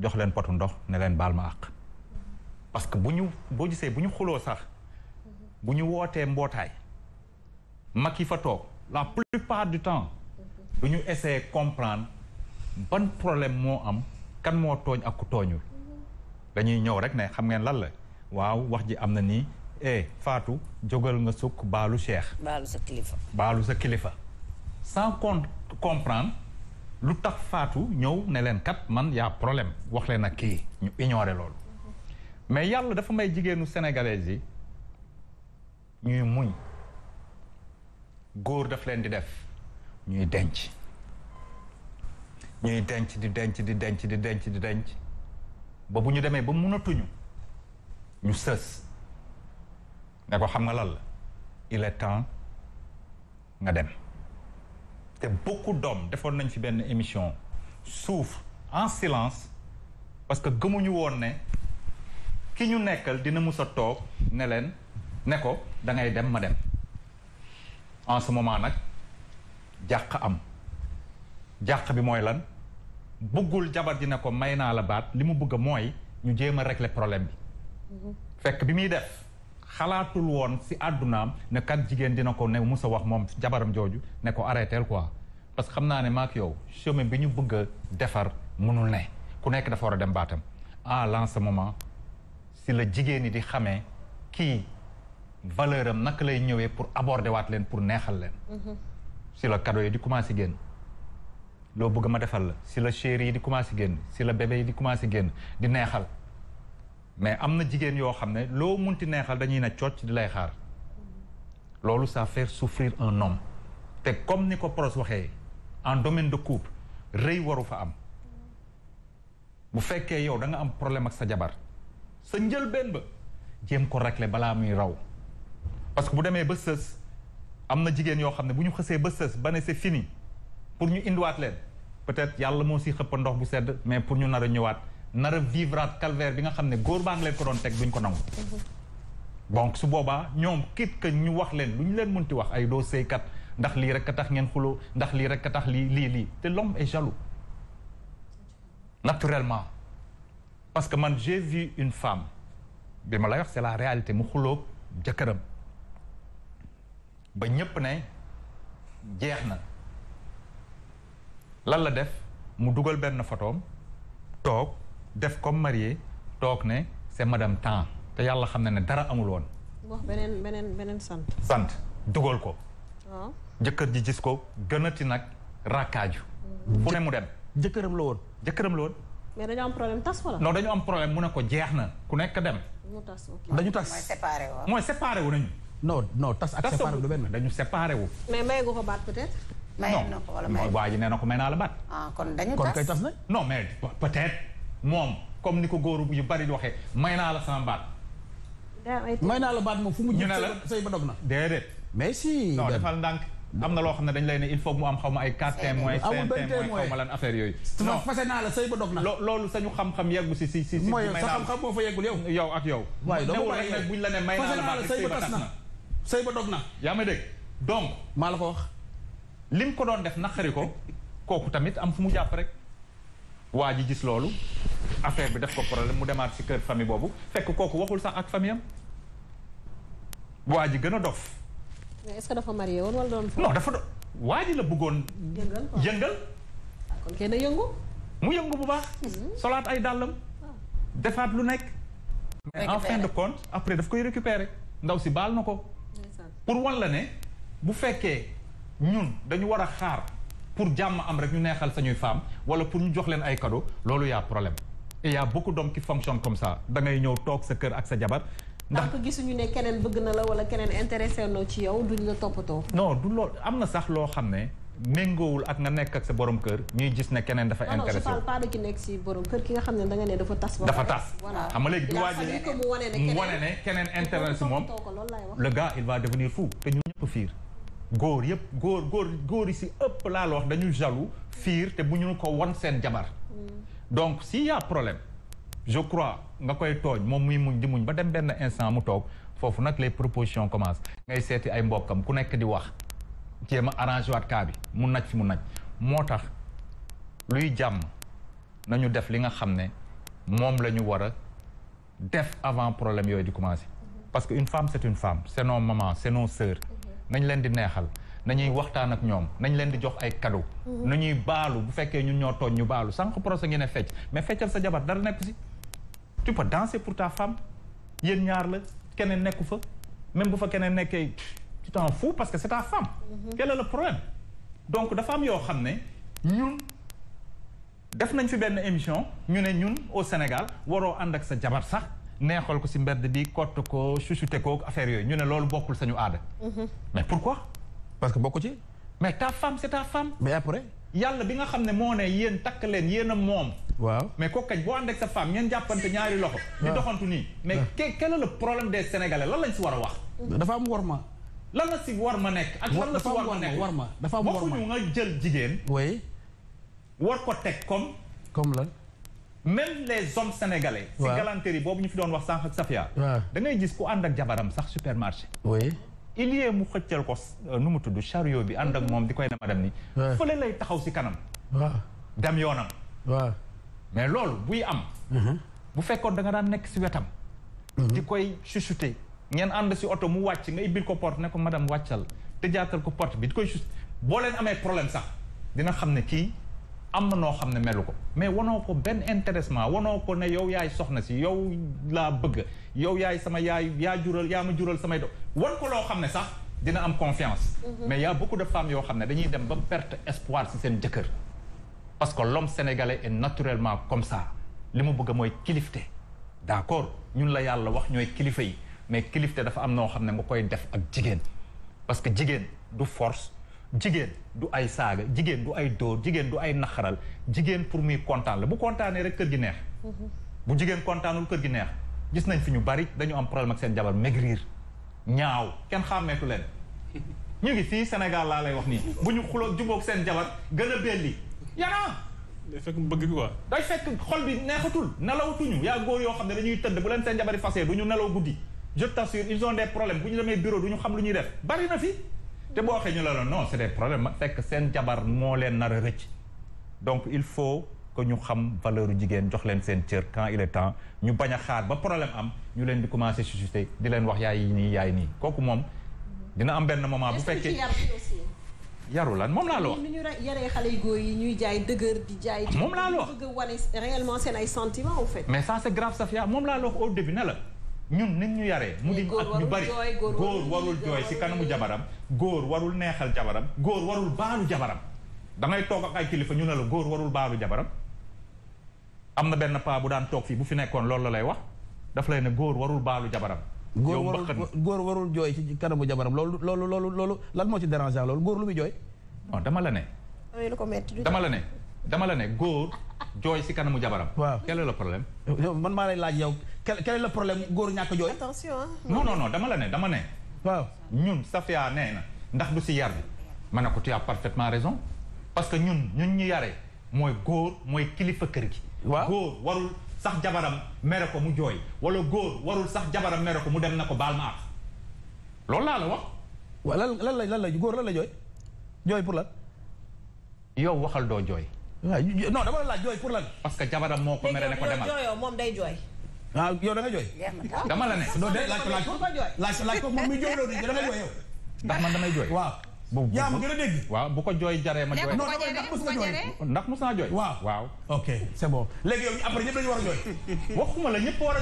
jox leen potu ndox ne leen baal ma àq parce que bu ñu boo gisee bu ñu xuloo sax bu ñu wootee mbootaay mag yi fa toog la part du temps du ñu essayer comprendre ban problème moo am kan moo tooñ ak ku tooñul dañuy ñëw rek ne xam ngeen lan la waaw wax ji am na nii eh, faatu jógal nga sukk baalu Cheikh baalu sa kilifa baalu sa kilifa sans comprendre lu tax faatu ñëw ne leen kat man y'a problème wax leen ak kii ñu ignoré loolu mais yàlla dafa may jigéenu sénégalais yi ñuy muñ góor daf leen di def ñuy denc ñuy denc di denc di denc di denc di denc ba bu ñu demee ba mënatuñu ñu sës ne ko xam nga lal la il est temps nga dem te beaucoup doom defoon nañ fi benn émission suuf en silence parce que gëmuñu woon ne ki ñu nekkal dina musa toog ne leen ne ko da ngay dem ma dem en ce moment nag jàq am jàq bi mooy lan bëggul jabar ji ne ko may naa la baat li mu bëgg mooy ñu jéem a régler problème bi mm-hmm. fekk bi muy def xalaatul woon si àddunaam ne kat jigéen dina ko ne musa wax moom jabaram jooju ne ko arrêtel quoi parce que xam naa ne maak yow chemin bi ñu bëgg a defar mënul ne ku nekk dafa war a dem baatam en ce moment si la jigéen ñi di xamee kii valeur am naka lay ñëwee pour aborder waat leen pour neexal leen. Mhm. si la cadeau yi di commencé génn. loo bëgg ma defal la si la chéri yi di commencé génn si la bébé yi di commencé génn di neexal. mais am na jigéen yoo xam ne loo mun ti neexal dañuy na cocc di lay xaar loolu ça fait souffrir un nom te comme ni ko Pros waxee en domaine de couple rey waru fa am bu fekkee yow da nga am problème ak sa jabar sa njëlbeen ba jéem ko régler balaa muy raw parce que bu demee ba sës am na jigéen yoo xam ne bu ñu xësee ba sës ba ne c'est fini pour ñu indiwaat leen peut-être yàlla moo si xëppa ndox bu sedd mais pour ñu nar a ñëwaat nar a vivraat calvaire bi nga xam ne góor baa ngi leen ko doon teg duñ ko nangu. Mhm. donc su boobaa ñoom kit que ñu wax leen lu ñu leen munti wax ay doo sëykat ndax lii rek a tax ngeen xuloo ndax lii rek a tax lii lii lii te l'homme est jaloux naturellement parce que man j'ai vu une femme bi ma lay wax c'est la réalité mu xulook jëkkëram ba ñépp ne jeex na lan la def mu dugal benn photoom toog def comme marié toog ne c'est madame temps te yàlla xam na ne dara amul woon. wax beneen beneen beneen sant. sant dugal ko. jëkkër ji gis ko gënati nag rakkaaju. Mm. fu ne mu dem. jëkkëram la woon. jëkkëram la woon. mais dañu am problème tas wala. non dañu am problème mu ne ko jeex na ku nekk dem. dañu tas dañu tas. mooy séparé wu. wu nañu. non non tas ak séparé wu lu benn dañu séparé wu. mais may nga ko baat peut-être. may na ko wala nee na ko may naa la baat. Ah, kon dañu tas kon mais peut moom comme ni ko góor yu bari di waxee may naa la sama baat. may naa la baat moom fu mu. ñu ne la ba dog na. déedéet. mais si. non defal ndànk. am na loo xam ne dañ lay ne il faut mu am xaw ma ay quatre témoins cinq témoins xaw yooyu. non fase naa la sëy ba sañu xam-xam yeggu si si si. mooy sa xam-xam moo fa yeggul yow. yow ak yow. waaye doomu rek buñ la ne may naa la baat sëy ba ba dog na. yaa ma dégg donc. maa la ko wax. lim ko doon def naqari ko kooku tamit am fu mu jàpp rek. waa ji gis loolu affaire bi def ko problème mu demaat si kër famille boobu fekk kooku waxul sax ak famille am waa ji gën a dof. mais est-ce que dafa marié woon wala doon. non dafa do waa ji la bëggoon. yëngal yëngal. Ah, kon kenn yëngu. mu yëngu bu baax. Mhm. solaat ay dàllam. Ah. defaat lu nekk. mais en fin de compte après daf koy récupérer ndaw si baal na ko. pour walla ne bu fekkee ñun dañu war a xaar. pour jàmm am rek ñu neexal sañuy femmes wala pour ñu jox leen ay cadeau loolu y'a problème et y a beaucoup d'hommes qui fonctionnent comme ça da ngay ñëw toog sa kër ak sa jabar ndax ko gisuñu ne keneen bëgg na la wala keneen intéressé na ci yow duñ la toppatoo non du loolu am na sax loo xam ne méngoowul ak nga nekk ak sa borom kër ñuy gis ne keneen dafa intéressé non je ki nekk si borom kër ki nga xam ne da nga ne dafa tas dafa tas voilà xam nga léegi du waaj mu wane ne keneen intéressé moom le gars il va devenir fou te ñu ñëpp fiir góor yëpp góor góor góor yi si ëpp laa la wax dañu jaloux fiir te bu ñu ko won seen jabar mm. donc si y problème je crois nga koy tooñ moom muy muñ di muñ ba dem benn instant mu toog foofu nag les propositions commencent ngay seeti ay mbokkam ku nekk di wax jéem a arrangé waat cas bi mu naj fi mu naj moo tax luy jàmm nañu def li nga xam ne moom la ñu war a def avant problème yooyu di commencé mm-hmm. parce que une femme c'est une femme c'est nos mamans c'est nos nañ leen di neexal nañuy waxtaan ak ñoom nañ leen di jox ay cadeau mm-hmm. nañuy baalu bu fekkee ñun ñoo tooñ ñu baalu sànq procès ngi ne fecc mais feccal sa jabar dara nekku si tu peux pour ta femme yéen ñaar la keneen nekku fa même bu fa keneen nekkee tu t'en fous parce que c'est ta femme mm-hmm. quel est le problème donc dafa am yoo xam ne ñun def nañ fi benn émission ñu ne ñun au Sénégal waroo ànd ak sa jabar sax neexal ko si mbedd bi kott ko chuchute kook affaire yooyu ñu ne loolu bokkul sañu aada. Mhm. mais pourquoi. parce que bokku ci. mais ta femme c'est ta femme. mais après. yàlla bi nga xam ne moo ne yéen takk leen yéen a moom. waaw mais kooku kañ boo ànd ak sa femme ngeen jàppante ñaari loxo. di doxantu nii mais quel est le problème des sénégalais lan lañ si war a wax. dafa am ma lan la si war ma nekk. ak lan la si war ma nekk worma dafa am worma. bokkuñu nga jël jigéen. oui. war ko teg comme. comme lan. même les hommes sénégalais. waaw si boobu ñu fi doon wax sànq ak Safia. dangay gis ku ànd ak jabaram sax supermarché. oui il y mu xëccal ko euh, nu mu tudd chariot bi ànd ak moom di koy ne madame ni fële lay taxaw si kanam. dem yoon waaw mais loolu buy am. Mm-hmm. bu fekkoon da nga daan nekk si wetam. Mm-hmm. di koy chuchoter. ngeen ànd si oto mu wàcc nga ibbil ko porte ne ko madame wàccal te jaatal ko porte bi di koy chuchoter boo leen amee problème sax dina xam ne kii. am na noo xam ne melu ko mais wanoo ko benn intéressement wanoo ko ne yow yaay soxna si yow laa bëgg yow yaay sama yaay yaa jural yaa ma jural samay do wan ko loo xam ne sax dina am confiance mhm. mais y a beaucoup de yoo xam ne dañuy dem ba perte espoir si seen jëkkër parce que l'homme sénégalais est naturellement comme ça li mu bëgg mooy kilifte d'accord ñun la yàlla wax ñooy kilifa yi mais kilifte dafa am noo xam ne nga koy def ak jigéen parce que jigéen du force jigéen du ay saaga jigéen du ay dóor jigéen du ay naxaral jigéen pour muy kontaan la bu kontaanee rek kër gi neex. bu jigéen kontaanul kër gi neex gis nañ fi ñu bari dañu am problème ak seen jabar maigrir ñaaw kenn xàmmeetu leen. ñu ngi fii Sénégal laa lay wax nii bu ñu xuloog jubóog seen jabar gën a belli yana day fekk mu bëgg bi quoi. day fekk xol bi neexatul nelawatuñu yaa góor yoo xam ne dañuy tëdd bu leen seen jabari fasee du ñu nelaw guddi je t'assure ils ont bu ñu demee bureau du ñu xam lu ñuy def bari na fi. te boo waxee ñu la la non c'est des problèmes fekk seen jabar moo leen nar a rëcc donc il faut que ñu xam valeur jigéen jox leen seen cër quand il est temps ñu bañ a xaar ba problème am ñu leen di commencer susciter di leen wax yaay nii yaay nii kooku moom dina am benn moment bu fekkee yaru lan moom laa la wax. ni ñu yaree xale yu góor yi ñuy jaay dëgër di jaay. moom laa la wax bëgg wane mais ça c'est grave Safia moom laa la wax au début ne la. ñun nit ñu yaree mu di ak ñu bari góor warul jooy si kanamu jabaram góor warul neexal jabaram góor warul baalu jabaram dangay toog ak ay kilifa ñu ne la góor warul baalu jabaram am na benn paa bu daan toog fii bu fi nekkoon loolu la lay wax daf lay ne góor warul baalu jabaram góor warul góor warul jooy ci kanamu jabaram loolu loolu loolu loolu lan moo ci dérangeant loolu góor lu muy jooy dama la ne dama la ne dama la ne góor jooy si kanamu jabaram waaw quel est le problème maa laaj yow quel quel est problème góor ñàkk jooy. attention non non non dama la ne dama ne. waaw ñun Safia nee na ndax du si yar bi. ma ne ko tu as parfaitement raison parce que ñun ñun ñu yaree mooy góor mooy kilifa kër gi. waaw góor warul sax jabaram mere ko mu jooy wala góor warul sax jabaram mere ko mu dem na ko baal ma ak loolu laa la wax. waaw lan lan la lan la góor lan la jooy jooy pour lan. yow waxal doo jooy. non dama la laaj jooy pour lan. parce que jabaram moo ko mere ne day jooy. waaw ah, yow da nga jooy. dama la ne. doo de laaj ko laaj ko laaj laaj ko moom mi jooy loolu da nga jooy yow. ndax man damay jooy. waaw. bu ma gën a dégg. waaw bu ko jooy jaree ma jooy. ndax mus nga jooy ndax mus naa jooy. waaw waaw. ok c'est bon léegi yow après ñëpp dañu war a jooy. waxuma la ñëpp war